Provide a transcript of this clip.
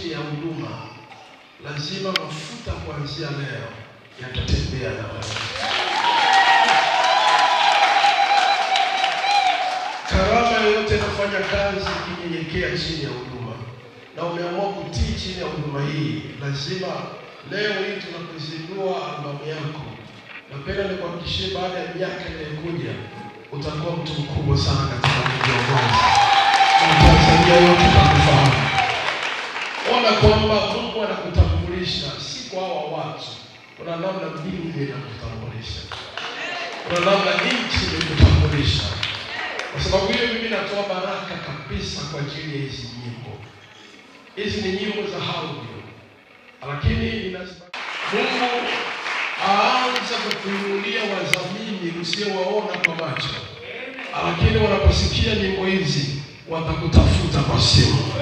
ajili ya huduma, lazima mafuta kuanzia leo yatatembea na wewe. Karama yoyote inafanya kazi ikinyenyekea chini ya huduma, na umeamua kutii chini ya huduma hii, lazima leo hii tunakuzindua albamu yako. Napenda nikuhakikishie, baada ya miaka inayokuja utakuwa mtu mkubwa sana katika viongozi Utaona kwamba Mungu anakutambulisha, si kwa hawa watu. Kuna namna mbingu inakutambulisha, kuna namna nchi imekutambulisha. Kwa sababu hiyo, mimi natoa baraka kabisa kwa ajili ya hizi nyimbo. Hizi ni nyimbo za audio, lakini Mungu aanza kufunulia wazamini usiowaona kwa macho, lakini wanaposikia nyimbo hizi watakutafuta kwa simu.